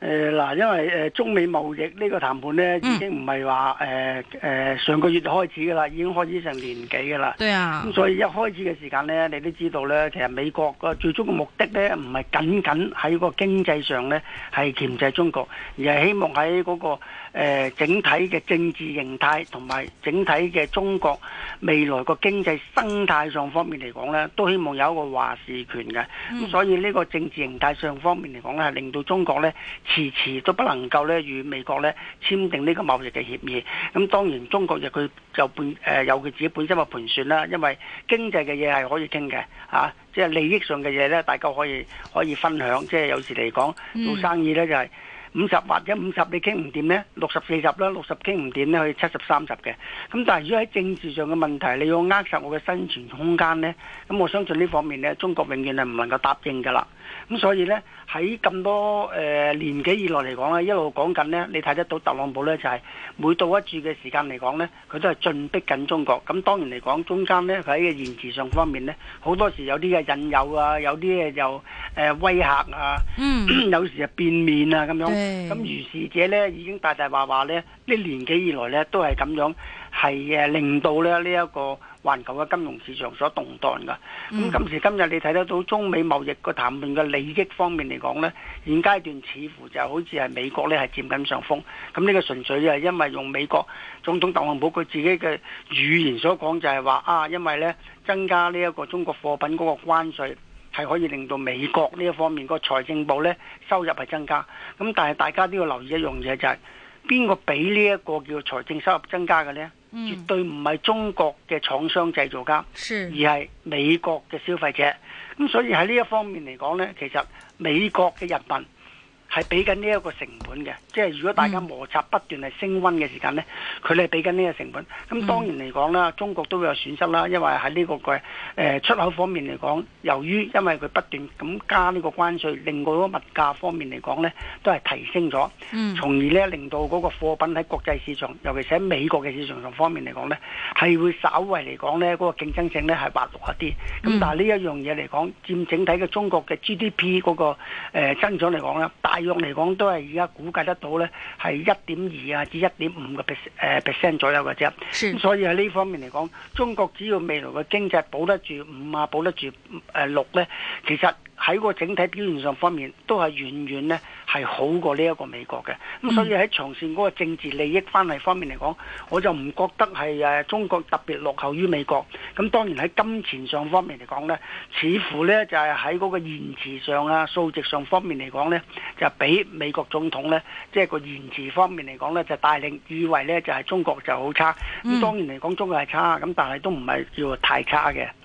誒嗱，因為誒中美貿易呢個談判呢，已經唔係話誒誒上個月開始嘅啦，已經開始成年幾嘅啦。對啊。咁所以一開始嘅時間呢，你都知道呢，其實美國個最終嘅目的呢，唔係僅僅喺個經濟上呢係鉗制中國，而係希望喺嗰、那個。誒整體嘅政治形態同埋整體嘅中國未來個經濟生態上方面嚟講呢，都希望有一個話事權嘅。咁、嗯、所以呢個政治形態上方面嚟講呢，係令到中國呢遲遲都不能夠呢與美國呢簽訂呢個貿易嘅協議。咁、嗯、當然中國亦佢就本誒有佢自己本身嘅盤算啦，因為經濟嘅嘢係可以傾嘅嚇，即係利益上嘅嘢呢，大家可以可以分享。即係有時嚟講做生意呢就係、是。嗯五十或者五十你傾唔掂呢？六十四十啦，六十傾唔掂呢？去七十三十嘅。咁但係如果喺政治上嘅問題，你要扼殺我嘅生存空間呢？咁我相信呢方面呢，中國永遠係唔能夠答應噶啦。咁所以呢，喺咁多誒、呃、年紀以來嚟講呢，一路講緊呢，你睇得到特朗普呢，就係、是、每到一住嘅時間嚟講呢，佢都係進逼緊中國。咁當然嚟講，中間佢喺個言辭上方面呢，好多時有啲嘅引誘啊，有啲嘅又誒威嚇啊，嗯、 有時又變面啊咁咁 如是者咧，已經大大話話咧，呢年紀以來咧都係咁樣，係令到咧呢一、這個環球嘅金融市場所動蕩噶。咁今時今日你睇得到中美貿易個談判嘅利益方面嚟講咧，現階段似乎就好似係美國咧係佔緊上風。咁呢個純粹係因為用美國總統特朗普佢自己嘅語言所講就係話啊，因為咧增加呢一個中國貨品嗰個關稅。係可以令到美國呢一方面個財政部呢收入係增加，咁但係大家都要留意一樣嘢，就係邊個俾呢一個叫財政收入增加嘅呢？嗯、絕對唔係中國嘅廠商製造家，是而係美國嘅消費者。咁所以喺呢一方面嚟講呢，其實美國嘅人民。係俾緊呢一個成本嘅，即係如果大家摩擦不斷係升溫嘅時間呢，佢哋俾緊呢個成本。咁當然嚟講啦，中國都會有損失啦，因為喺呢、這個嘅誒出口方面嚟講，由於因為佢不斷咁加呢個關稅，令到個物價方面嚟講呢都係提升咗，嗯、從而呢令到嗰個貨品喺國際市場，尤其是喺美國嘅市場上方面嚟講呢，係會稍為嚟講呢嗰、那個競爭性呢係滑落一啲。咁、嗯、但係呢一樣嘢嚟講，佔整體嘅中國嘅 GDP 嗰、那個、呃、增長嚟講咧，大。用嚟講都係而家估計得到咧，係一點二啊至一點五個 percent 誒 percent 左右嘅啫。咁所以喺呢方面嚟講，中國只要未來嘅經濟保得住五啊，保得住誒六咧，其實喺個整體表現上方面都係遠遠咧。係好過呢一個美國嘅，咁所以喺長線嗰個政治利益翻嚟方面嚟講，我就唔覺得係中國特別落後於美國。咁當然喺金錢上方面嚟講呢，似乎呢就係喺嗰個言辭上啊、數值上方面嚟講呢，就比美國總統呢，即係個言辭方面嚟講呢，就帶領以為呢，就係中國就好差。咁當然嚟講中國係差，咁但係都唔係叫太差嘅。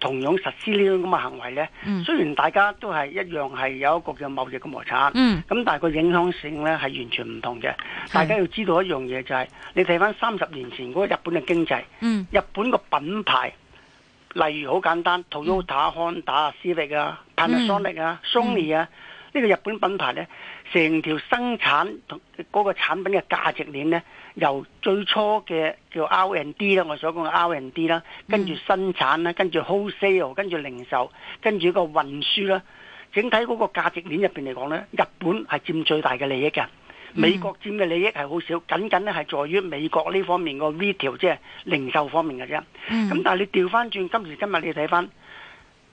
同樣實施呢種咁嘅行為呢，雖然大家都係一樣係有一個叫貿易嘅摩擦，咁、嗯、但係個影響性呢係完全唔同嘅。是大家要知道一樣嘢就係、是，你睇翻三十年前嗰個日本嘅經濟，嗯、日本嘅品牌，例如好簡單，Toyota、Honda、Civic 啊、Panasonic 啊、嗯、Sony 啊，呢、嗯、個日本品牌呢，成條生產同嗰個產品嘅價值鏈呢。由最初嘅叫 R&D 啦，D, 我所講嘅 R&D 啦，D, 跟住生產啦，嗯、跟住 wholesale，跟住零售，跟住個運輸啦，整體嗰個價值鏈入面嚟講呢，日本係佔最大嘅利益嘅，嗯、美國佔嘅利益係好少，僅僅咧係在於美國呢方面個 retail 即係零售方面嘅啫。咁、嗯、但係你調翻轉今時今日你睇翻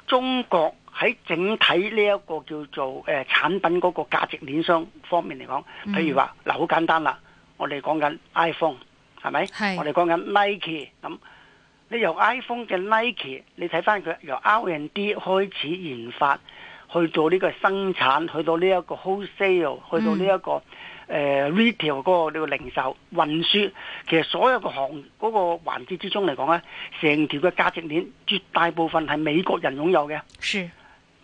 中國喺整體呢一個叫做誒、呃、產品嗰個價值鏈商方面嚟講，譬如話嗱，好、嗯、簡單啦。我哋講緊 iPhone，係咪？是。我哋講緊 Nike 咁，你由 iPhone 嘅 Nike，你睇翻佢由 R&D 開始研發，去做呢個生產，去到呢一個 wholesale，去到呢一個誒 retail 嗰個呢個零售運輸，其實所有嘅行嗰個環節之中嚟講咧，成條嘅價值鏈絕大部分係美國人擁有嘅。是。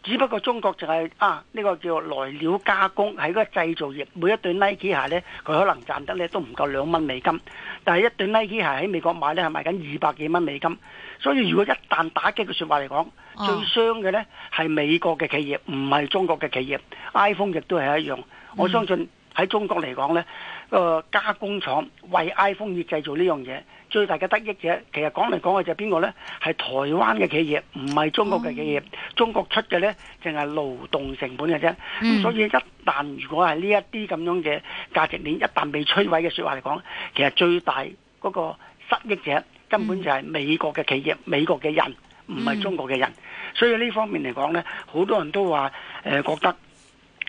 只不過中國就係啊，呢個叫來料加工喺個製造業，每一段 Nike 鞋呢，佢可能賺得咧都唔夠兩蚊美金，但係一段 Nike 鞋喺美國買呢，係賣緊二百幾蚊美金，所以如果一旦打擊嘅說話嚟講，最傷嘅呢係美國嘅企業，唔係中國嘅企業，iPhone 亦都係一樣。我相信喺中國嚟講呢，加工廠為 iPhone 而製造呢樣嘢。最大嘅得益者，其實講嚟講去就係邊個呢？係台灣嘅企業，唔係中國嘅企業。中國出嘅呢，淨係勞動成本嘅啫。嗯、所以一旦如果係呢一啲咁樣嘅價值鏈一旦被摧毀嘅說話嚟講，其實最大嗰個失益者根本就係美國嘅企業、嗯、美國嘅人，唔係中國嘅人。嗯、所以呢方面嚟講呢，好多人都話誒、呃、覺得。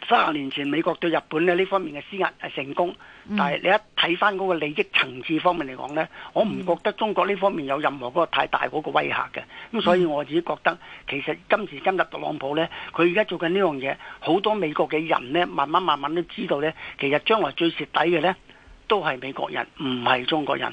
三十年前美國對日本咧，呢這方面嘅施壓係成功，但係你一睇返嗰個利益層次方面嚟講呢，我唔覺得中國呢方面有任何嗰個太大嗰個威嚇嘅。咁所以我自己覺得，其實今時今日特朗普呢，佢而家做緊呢樣嘢，好多美國嘅人呢，慢慢慢慢都知道呢，其實將來最蝕底嘅呢，都係美國人，唔係中國人。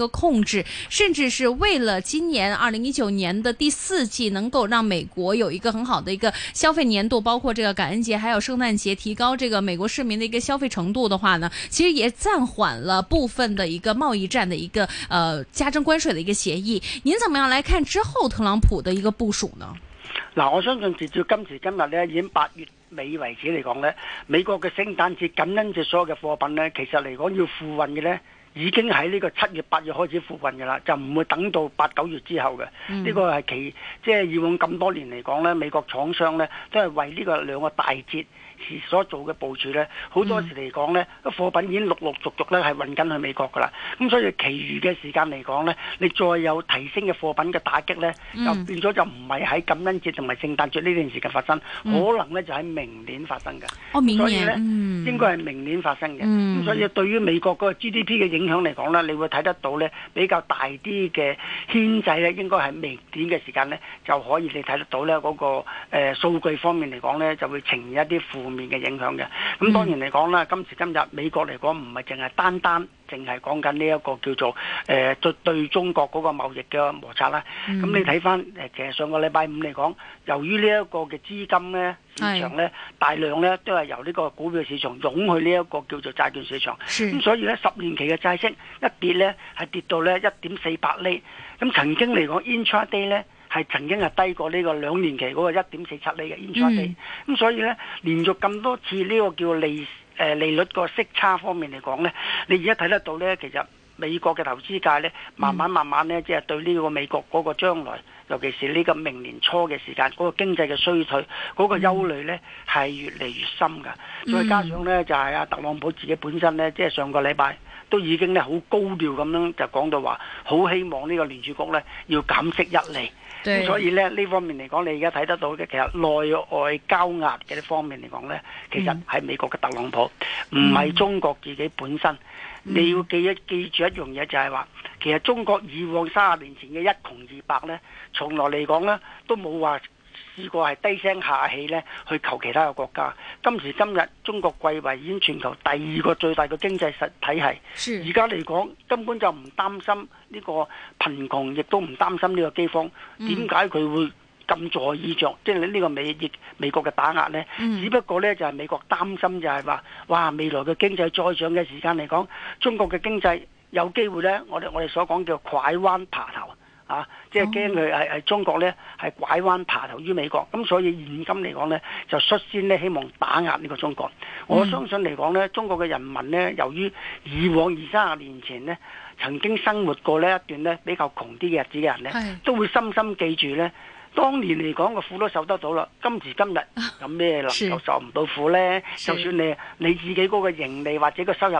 個控制，甚至是為了今年二零一九年的第四季能夠讓美國有一個很好的一個消費年度，包括這個感恩節還有聖誕節，提高這個美國市民的一個消費程度的話呢，其實也暫緩了部分的一個貿易戰的一個呃加徵關稅的一個協議。您怎麼樣來看之後特朗普的一個部署呢？嗱，我相信直至今時今日呢，已經八月尾為止嚟講呢，美國嘅聖誕節、感恩節所有嘅貨品呢，其實嚟講要付運嘅呢。已經喺呢個七月八月開始復運嘅啦，就唔會等到八九月之後嘅。呢、嗯、個係其即係、就是、以往咁多年嚟講呢，美國廠商呢，都係為呢個兩個大節。所做嘅部署呢，好多時嚟講呢，嗯、貨品已經陸陸續續呢係運緊去美國噶啦。咁所以，其餘嘅時間嚟講呢，你再有提升嘅貨品嘅打擊呢，嗯、就變咗就唔係喺感恩節同埋聖誕節呢段時間發生，嗯、可能呢就喺明年發生嘅。哦、所以呢，應該係明年發生嘅。咁、嗯、所以對於美國個 GDP 嘅影響嚟講呢，你會睇得到呢比較大啲嘅牽制呢，應該係明年嘅時間呢就可以你睇得到呢嗰、嗰個誒、呃、數據方面嚟講呢，就會呈現一啲負面嘅影響嘅，咁當然嚟講啦，今時今日美國嚟講唔係淨係單單淨係講緊呢一個叫做誒對對中國嗰個貿易嘅摩擦啦，咁你睇返誒其實上個禮拜五嚟講，由於呢一個嘅資金咧市場咧大量咧都係由呢個股票市場湧去呢一個叫做債券市場，咁所以咧十年期嘅債息一跌咧係跌到咧一點四八厘，咁曾經嚟講 intraday 咧。係曾經係低過呢個兩年期嗰個一點四七厘嘅現象。咁所以呢，連續咁多次呢個叫利誒利率個息差方面嚟講呢，你而家睇得到呢，其實美國嘅投資界呢，慢慢慢慢呢，即係對呢個美國嗰個將來，嗯、尤其是呢個明年初嘅時間嗰個經濟嘅衰退嗰個憂慮咧，係、嗯、越嚟越深㗎。再加上呢，就係阿特朗普自己本身呢，即係上個禮拜都已經呢好高調咁樣就講到話，好希望呢個聯儲局呢要減息一厘。對所以咧呢方面嚟講，你而家睇得到嘅，其實內外交壓嘅呢方面嚟講呢，其實係美國嘅特朗普，唔係、嗯、中國自己本身。嗯、你要記一記住一樣嘢，就係話，其實中國以往三十年前嘅一窮二白呢，從來嚟講呢，都冇話。是呢個係低聲下氣咧去求其他嘅國家。今時今日中國貴為已經全球第二個最大嘅經濟實體係而家嚟講根本就唔擔心呢個貧窮，亦都唔擔心呢個饑荒。點解佢會咁在意着，即係呢個美亦美國嘅打壓呢、嗯、只不過呢就係、是、美國擔心就係話哇，未來嘅經濟再漲嘅時間嚟講，中國嘅經濟有機會呢，我哋我哋所講叫拐彎爬頭啊！即係驚佢係喺中國咧，係拐彎爬頭於美國，咁所以現今嚟講咧，就率先咧希望打壓呢個中國。我相信嚟講咧，中國嘅人民咧，由於以往二三十年前咧曾經生活過呢一段咧比較窮啲嘅日子嘅人咧，是都會深深記住咧。當年嚟講個苦都受得到啦，今時今日咁咩能夠受唔到苦咧？是就算你你自己嗰個盈利或者個收入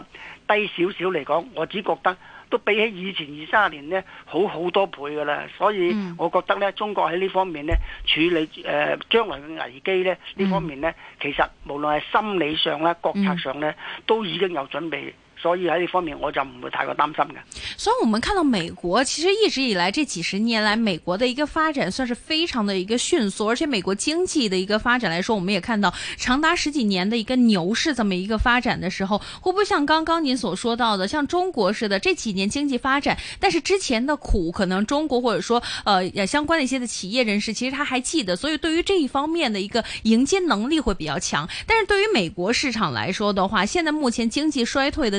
低少少嚟講，我只覺得。都比起以前二三十年呢，好好多倍噶啦，所以我覺得呢，中國喺呢方面呢，處理誒、呃、將來嘅危機呢，呢方面呢，其實無論係心理上咧、國策上呢，都已經有準備。所以喺呢方面我就唔會太過擔心嘅。所以我們看到美國其實一直以來這幾十年來，美國的一個發展算是非常的一個迅速，而且美國經濟的一個發展來說，我們也看到長達十幾年的一個牛市，這麼一個發展的時候，會不會像剛剛您所說到的，像中國似的，這幾年經濟發展，但是之前的苦可能中國或者說呃，相關的一些的企業人士其實他還記得，所以對於這一方面的一個迎接能力會比較強。但是對於美國市場來說的話，現在目前經濟衰退的。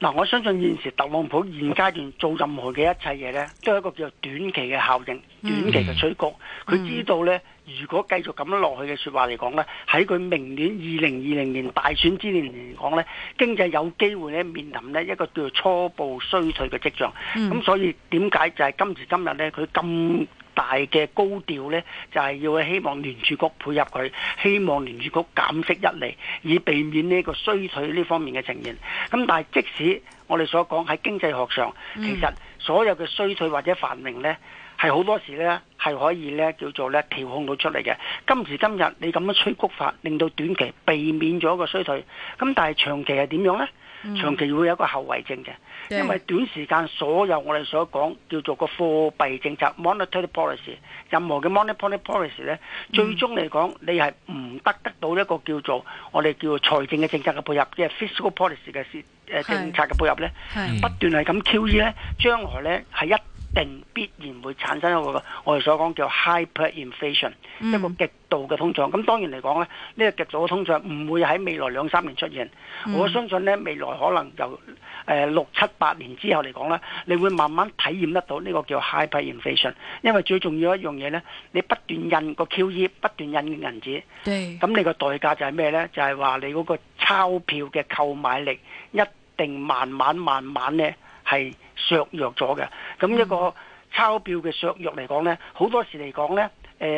嗱，我相信現時特朗普現階段做任何嘅一切嘢咧，都係一個叫做短期嘅效應、短期嘅催谷。佢知道咧，如果繼續咁樣落去嘅説話嚟講咧，喺佢明年二零二零年大選之年嚟講咧，經濟有機會咧面臨呢一個叫做初步衰退嘅跡象。咁所以點解就係今時今日咧，佢咁大嘅高調呢，就係要希望聯儲局配合佢，希望聯儲局減息一厘，以避免呢個衰退呢方面嘅情形。咁但係即使我哋所講喺經濟學上，其實所有嘅衰退或者繁榮呢，係好多時呢，係可以呢叫做呢調控到出嚟嘅。今時今日你咁樣吹谷法，令到短期避免咗個衰退，咁但係長期係點樣呢？嗯、長期會有一個後遺症嘅，Yeah. 因為短時間所有我哋所講叫做個貨幣政策 monetary policy，任何嘅 monetary policy 咧，嗯、最終嚟講你係唔得得到一個叫做我哋叫財政嘅政策嘅配合，即係 fiscal policy 嘅政策嘅配合。咧、就是，不斷係咁 QE 咧，將來咧係一。定必然會產生一個我哋所講叫 hyper inflation 一個極度嘅通脹。咁當然嚟講咧，呢、這個極度嘅通脹唔會喺未來兩三年出現。Mm. 我相信咧，未來可能由、呃、六七八年之後嚟講咧，你會慢慢體驗得到呢個叫 hyper inflation 因為最重要一樣嘢咧，你不斷印個 QE，不斷印銀紙，咁對你個代價就係咩咧？就係、是、話你嗰個鈔票嘅購買力一定慢慢慢慢咧係。是削弱咗嘅，咁一個鈔票嘅削弱嚟講呢，好、嗯、多時嚟講呢，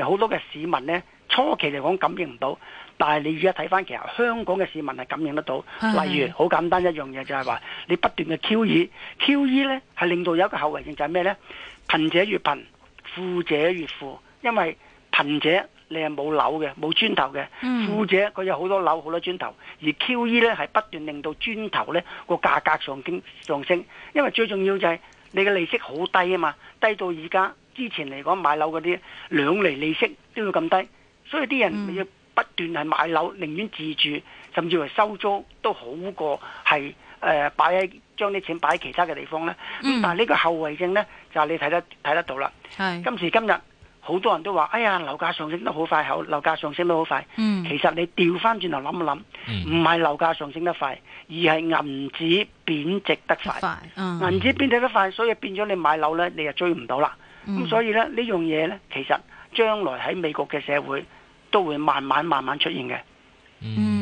好、呃、多嘅市民呢，初期嚟講感應唔到，但係你而家睇翻，其實香港嘅市民係感應得到。例如好是簡單一樣嘢就係話，你不斷嘅 QE，QE 呢係令到有一個後遺症就係、是、咩呢？貧者越貧，富者越富，因為貧者。你係冇樓嘅，冇磚頭嘅。富、嗯、者佢有好多樓，好多磚頭。而 QE 呢，係不斷令到磚頭呢、呢個價格上升上升。因為最重要就係你嘅利息好低啊嘛，低到而家之前嚟講買樓嗰啲兩厘利息都要咁低，所以啲人要不斷係買樓，嗯、寧願自住，甚至乎收租都好過係誒、呃、擺喺將啲錢擺喺其他嘅地方呢。嗯、但係呢個後遺症呢，就係、是、你睇得睇得到啦。是今時今日。好多人都話，哎呀，樓價上升得好快，樓價上升得好快。嗯、其實你調翻轉頭諗一諗，唔係樓價上升得快，而係銀紙貶值得快。銀紙貶值得快，所以變咗你買樓呢，你就追唔到啦。咁、嗯、所以呢，呢樣嘢呢，其實將來喺美國嘅社會都會慢慢慢慢出現嘅。嗯。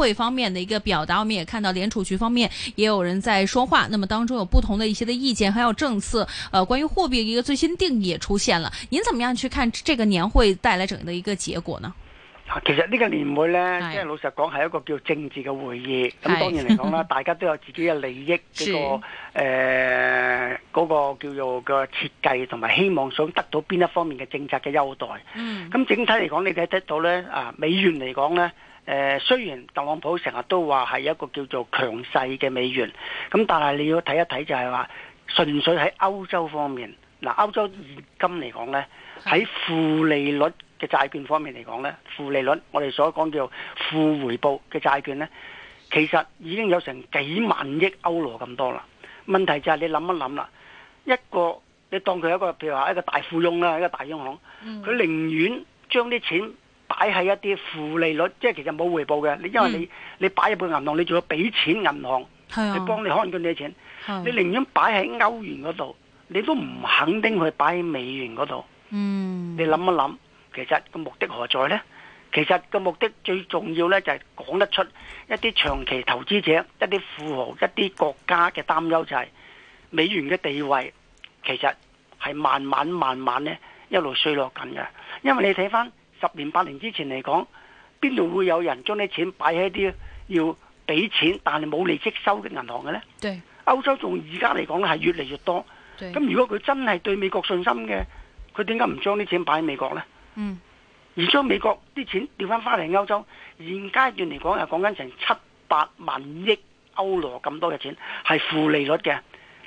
會方面的一個表達，我們也看到聯儲局方面也有人在說話。那麼當中有不同的一些的意見，還有政策，呃，關於貨幣的一個最新定義也出現了。您怎麼樣去看這個年會帶來整個的一個結果呢？其實呢個年會呢，即係、嗯、老實講係一個叫政治嘅會議。咁、嗯、當然嚟講啦，哎、大家都有自己嘅利益，呢是、這個嗰、呃那個叫做嘅設計，同埋希望想得到邊一方面嘅政策嘅優待。嗯。咁整體嚟講，你睇得到呢啊，美元嚟講呢。誒，雖然特朗普成日都話係一個叫做強勢嘅美元，咁但係你要睇一睇就係話，純粹喺歐洲方面，嗱歐洲現今嚟講呢，喺負利率嘅債券方面嚟講呢，負利率我哋所講叫負回報嘅債券呢，其實已經有成幾萬億歐羅咁多啦。問題就係你諗一諗啦，一個你當佢一個譬如話一個大富翁啦，一個大央行，佢寧願將啲錢。擺喺一啲負利率，即係其實冇回報嘅。你、嗯、因為你你擺入去銀行，你仲要俾錢銀行，嗯、你幫你看管你啲錢，嗯、你寧願擺喺歐元嗰度，你都唔肯定去擺喺美元嗰度。嗯、你諗一諗，其實個目的何在呢？其實個目的最重要呢，就係、是、講得出一啲長期投資者、一啲富豪、一啲國家嘅擔憂就係、是、美元嘅地位，其實係慢慢慢慢呢一路衰落緊嘅。因為你睇翻。十年八年之前嚟講，邊度會有人將啲錢擺喺啲要俾錢但係冇利息收嘅銀行嘅呢？歐對 洲，仲而家嚟講係越嚟越多。咁對 如果佢真係對美國信心嘅，佢點解唔將啲錢擺喺美國呢？嗯，而將美國啲錢調翻翻嚟歐洲，現階段嚟講係講緊成七八萬億歐羅咁多嘅錢係負利率嘅。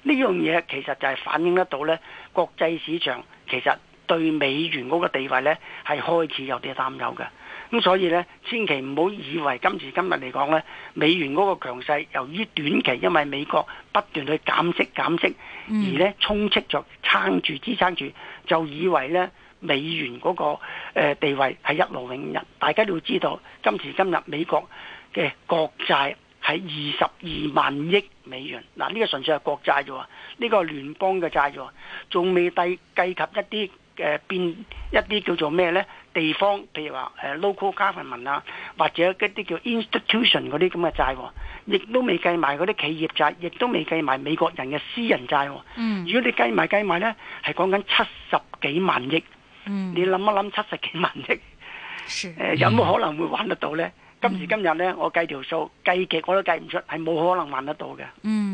呢樣嘢其實就係反映得到呢國際市場其實，對美元嗰個地位呢，係開始有啲擔憂嘅。咁所以呢，千祈唔好以為今時今日嚟講呢，美元嗰個強勢，由於短期因為美國不斷去減息減息，而呢充斥着撐住支撐住，就以為呢美元嗰個地位係一勞永逸。大家都要知道，今時今日美國嘅國債係二十二萬億美元。嗱、啊，呢、這個純粹係國債啫喎，呢、這個聯邦嘅債啫喎，仲未計及一啲。誒、呃、變一啲叫做咩呢？地方譬如話、呃、local government 啊，或者一啲叫 institution 嗰啲咁嘅債，亦都未計埋嗰啲企業債，亦都未計埋美國人嘅私人債。嗯，如果你計埋計埋呢，係講緊七十幾萬億。嗯、你諗一諗七十幾萬億，呃、是有冇可能會還得到呢？嗯、今時今日呢，我計條數計極我都計唔出，係冇可能還得到嘅。嗯。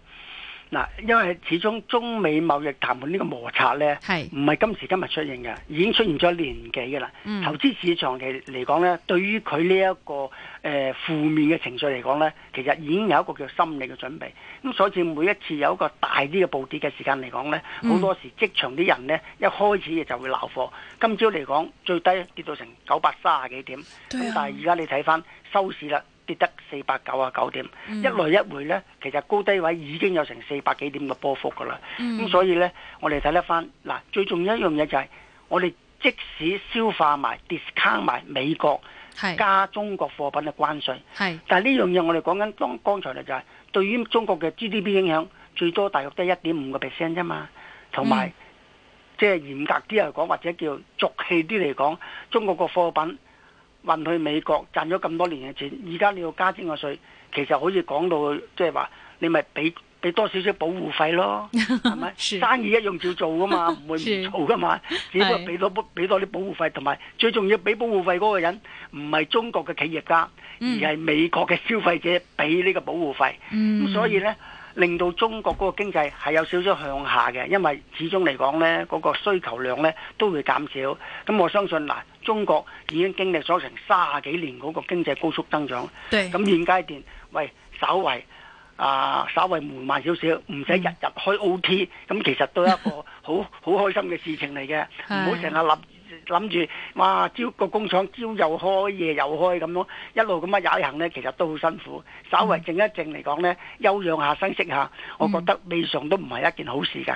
嗱，因為始終中美貿易談判呢個摩擦呢，唔係今時今日出現嘅，已經出現咗年幾嘅啦。投資市場嘅嚟講呢，對於佢呢一個誒負面嘅情緒嚟講呢，其實已經有一個叫心理嘅準備。咁所以每一次有一個大啲嘅暴跌嘅時間嚟講呢，好多時職場啲人呢一開始就會鬧貨。今朝嚟講最低跌到成九百三十幾點，咁、啊、但係而家你睇翻收市啦。得四百九啊九點。嗯、一來一回呢，其實高低位已經有成四百幾點嘅波幅噶啦。咁、嗯、所以呢，我哋睇得翻嗱，最重要一樣嘢就係、是、我哋即使消化埋 discount 埋美國是加中國貨品嘅關稅，是但係呢樣嘢我哋講緊當、嗯、剛才就係、是、對於中國嘅 GDP 影響最多大約，大概得一點五個 percent 啫嘛。同埋即係嚴格啲嚟講，或者叫俗氣啲嚟講，中國個貨品，運去美國賺咗咁多年嘅錢，而家你要加徵個稅，其實可以講到就是說，即係話你咪俾俾多少少保護費咯，係咪？ 生意一樣照做噶嘛，唔會唔做噶嘛， 只不過俾多俾多啲保護費，同埋最重要俾保護費嗰個人唔係中國嘅企業家，而係美國嘅消費者俾呢個保護費，咁、 嗯、所以呢。令到中國嗰個經濟係有少少向下嘅，因為始終嚟講呢，嗰個需求量呢都會減少。咁我相信嗱，中國已經經歷咗成三十幾年嗰個經濟高速增長，咁對 現階段喂，稍微啊，稍微緩慢少少，唔使日日開 OT，咁其實都係一個好好 開心嘅事情嚟嘅，唔好成日立。諗住哇，招個工廠朝又開夜又開咁樣，一路咁樣踩行呢，其實都好辛苦。稍微靜一靜嚟講呢，休養下、休息下，我覺得未嘗都唔係一件好事㗎。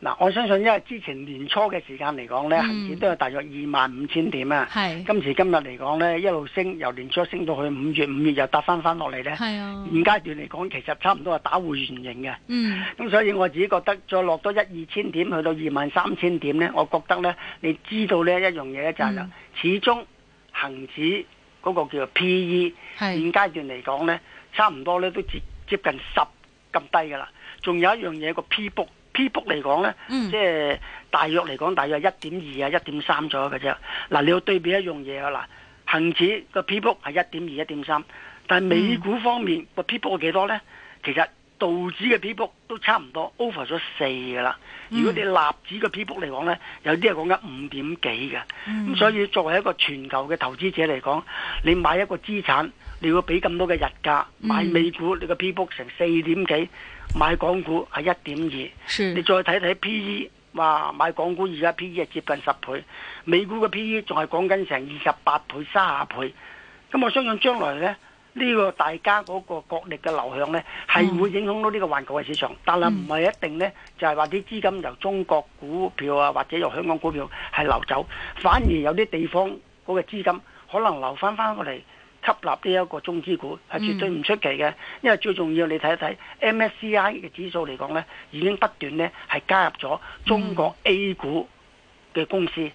嗱、啊，我相信因為之前年初嘅時間嚟講咧，恒、嗯、指都有大約二萬五千點啊。係是今時今日嚟講咧，一路升，由年初升到去五月，五月又搭翻翻落嚟咧。係啊，現階段嚟講，其實差唔多係打回原形嘅。嗯，咁所以我自己覺得再落多一二千點，去到二萬三千點咧，我覺得咧，你知道呢一樣嘢咧就係啦，始終恒指嗰個叫做 PE，現階段嚟講咧，差唔多咧都接接近十咁低噶啦。仲有一樣嘢個 P book。P book 嚟講呢，即係、嗯、大約嚟講大約係一點二啊一點三左右嘅啫。嗱，你要對比一樣嘢啊，嗱，恒指個 P book 係一點二一點三，但係美股方面個 P book 幾多呢？嗯、其實道指嘅 P book 都差唔多 over 咗四噶啦。如果你納指嘅 P book 嚟講呢，有啲係講緊五點幾嘅。咁、嗯、所以作為一個全球嘅投資者嚟講，你買一個資產，你要俾咁多嘅日價、嗯、買美股你，你個 P book 成四點幾。買港股係一點二，是你再睇睇 P E，哇！買港股而家 P E 係接近十倍，美股嘅 P E 仲係講緊成二十八倍、三十倍。咁我相信將來呢呢、這個大家嗰個國力嘅流向呢係會影響到呢個環球嘅市場，嗯、但係唔係一定呢，就係話啲資金由中國股票啊，或者由香港股票係流走，反而有啲地方嗰個資金可能流翻翻過嚟。吸納呢一個中資股係絕對唔出奇嘅，嗯、因為最重要你睇一睇 MSCI 嘅指數嚟講呢已經不斷呢係加入咗中國 A 股嘅公司，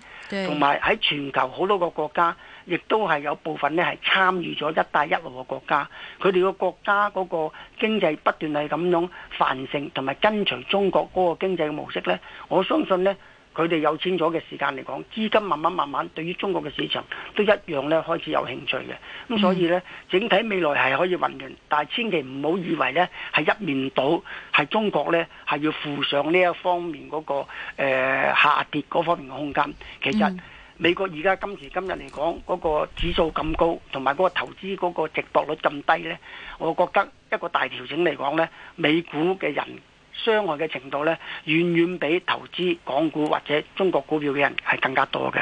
同埋喺全球好多個國家，亦都係有部分呢係參與咗一帶一路嘅國家，佢哋個國家嗰個經濟不斷係咁樣繁盛，同埋跟隨中國嗰個經濟嘅模式呢，我相信呢。佢哋有錢咗嘅時間嚟講，資金慢慢慢慢對於中國嘅市場都一樣咧開始有興趣嘅，咁、嗯、所以咧整體未來係可以運轉，但係千祈唔好以為咧係一面倒，係中國咧係要負上呢一方面嗰個誒下跌嗰方面嘅空間，其實美國而家今時今日嚟講嗰個指數咁高，同埋嗰個投資嗰個值搏率咁低咧，我覺得一個大調整嚟講咧，美股嘅人。傷害嘅程度咧，遠遠比投資港股或者中國股票嘅人係更加多嘅。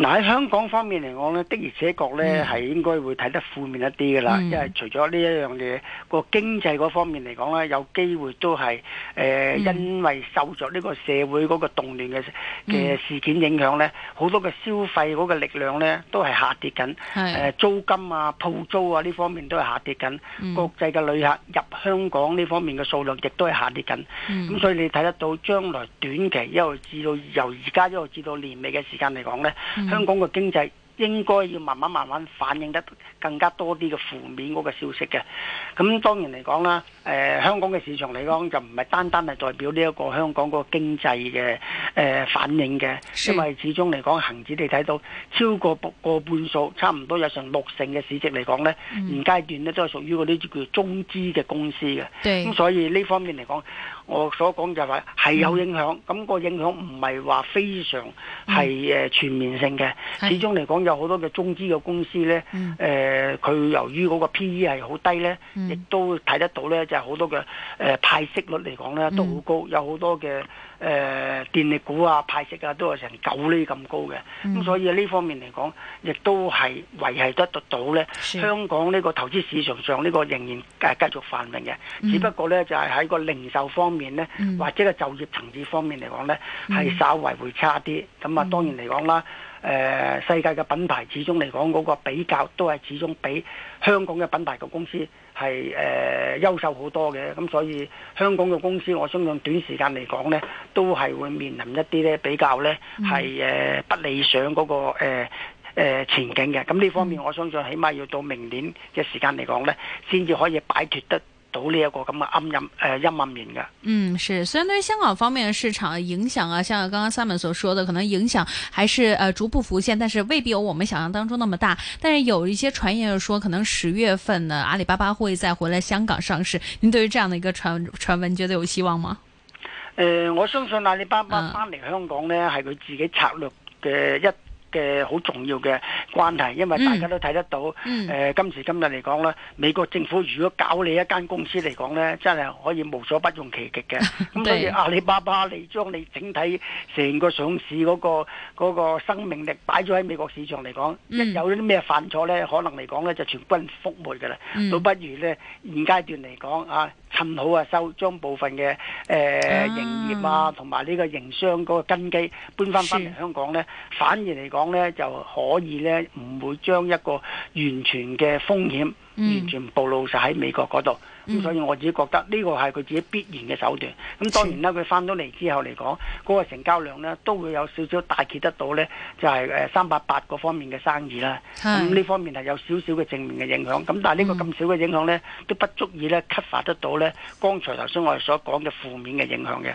嗱，喺香港方面嚟講呢，的而且確呢係應該會睇得負面一啲噶啦。嗯、因為除咗呢一樣嘢，個經濟嗰方面嚟講呢，有機會都係誒，呃嗯、因為受著呢個社會嗰個動亂嘅嘅事件影響呢，好多嘅消費嗰個力量呢都係下跌緊是、呃，租金啊、鋪租啊呢方面都係下跌緊，嗯、國際嘅旅客入香港呢方面嘅數量亦都係下跌緊，咁、嗯、所以你睇得到將來短期一路至到由而家一路至到年尾嘅時間嚟講呢。嗯香港嘅經濟。應該要慢慢慢慢反映得更加多啲嘅負面嗰個消息嘅。咁當然嚟講啦，誒、呃、香港嘅市場嚟講就唔係單單係代表呢一個香港個經濟嘅誒、呃、反應嘅，因為始終嚟講恒指你睇到超過個半數，差唔多有成六成嘅市值嚟講呢現、嗯、階段咧都係屬於嗰啲叫中資嘅公司嘅。咁的所以呢方面嚟講，我所講就係話係有影響，咁、嗯、個影響唔係話非常係誒全面性嘅，嗯、的始終嚟講。有好多嘅中資嘅公司呢，誒佢由於嗰個 P E 係好低呢，亦都睇得到呢，就係好多嘅誒派息率嚟講呢，都好高，有好多嘅誒電力股啊派息啊都係成九厘咁高嘅，咁所以呢方面嚟講，亦都係維繫得到到呢，香港呢個投資市場上呢個仍然繼續繁榮嘅，只不過呢，就係喺個零售方面呢，或者嘅就業層次方面嚟講呢，係稍為會差啲。咁啊當然嚟講啦。誒世界嘅品牌始終嚟講嗰個比較都係始終比香港嘅品牌嘅公司係誒優秀好多嘅，咁所以香港嘅公司我相信短時間嚟講呢，都係會面臨一啲呢比較呢係不理想嗰個誒前景嘅，咁呢方面我相信起碼要到明年嘅時間嚟講呢，先至可以擺脫得。到呢一個咁嘅暗陰誒陰暗面嘅。呃、陰陰嗯，是，雖然對於香港方面嘅市場的影響啊，像我剛剛 Samson 所說的，可能影響還是誒、呃、逐步浮現，但是未必有我們想象當中那麼大。但是有一些傳言就說，可能十月份呢，阿里巴巴會再回來香港上市。您對於這樣的一個傳傳聞，你覺得有希望嗎？誒、呃，我相信阿里巴巴翻嚟香港呢，係佢、嗯、自己策略嘅一。嘅好重要嘅關係，因為大家都睇得到，誒、嗯嗯呃、今時今日嚟講咧，美國政府如果搞你一間公司嚟講咧，真係可以無所不用其極嘅。咁 所以阿里巴巴，你將你整體成個上市嗰、嗰個嗰個生命力擺咗喺美國市場嚟講，嗯、一有啲咩犯錯咧，可能嚟講咧就全軍覆沒㗎啦。嗯、倒不如咧，現階段嚟講啊。咁好、呃、啊，收將部分嘅誒營業啊，同埋呢個營商嗰個根基搬翻翻嚟香港呢，是反而嚟講呢，就可以呢唔會將一個完全嘅風險完全暴露晒喺美國嗰度。嗯。咁所以我自己覺得呢個係佢自己必然嘅手段。咁當然啦，佢返到嚟之後嚟講，嗰、那個成交量呢都會有少少帶挈得到呢，就係三八八嗰方面嘅生意啦。咁呢方面係有少少嘅正面嘅影響。咁但係呢個咁少嘅影響呢，都不足以呢誒發得到呢，剛才頭先我哋所講嘅負面嘅影響嘅。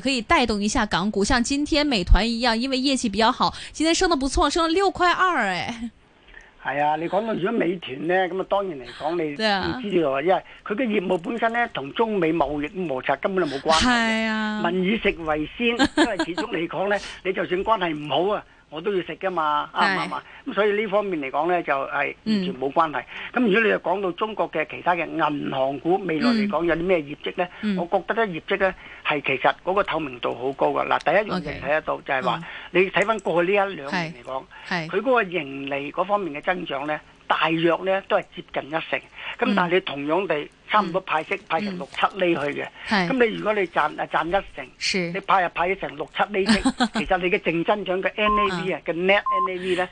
可以帶動一下港股，像今天美團一樣，因為業績比較好，今天升得不錯，升到六塊二，哎，誒。係啊，你講到如果美團呢，咁啊當然嚟講你都知道，啊，因為佢嘅業務本身呢，同中美貿易摩擦根本就冇關係。係啊，民以食為先，因為始終嚟講呢， 你就算關係唔好啊。我都要食噶嘛，啱唔啱啊？咁所以呢方面嚟講呢，就係、是、完全冇關係。咁、嗯、如果你又講到中國嘅其他嘅銀行股未來嚟講有啲咩業績呢？嗯、我覺得咧業績呢係其實嗰個透明度好高㗎。嗱，第一樣嘢你睇得到就係話，嗯、你睇翻過去呢一兩年嚟講，佢嗰個盈利嗰方面嘅增長呢，大約呢都係接近一成。咁但係你同樣地。嗯差唔多派息派、嗯嗯、成六七厘去嘅，咁是你如果你賺啊賺一成，是你派又派咗成六七厘息， 其實你嘅淨增長嘅 N A V 啊，嘅 net N A V 咧。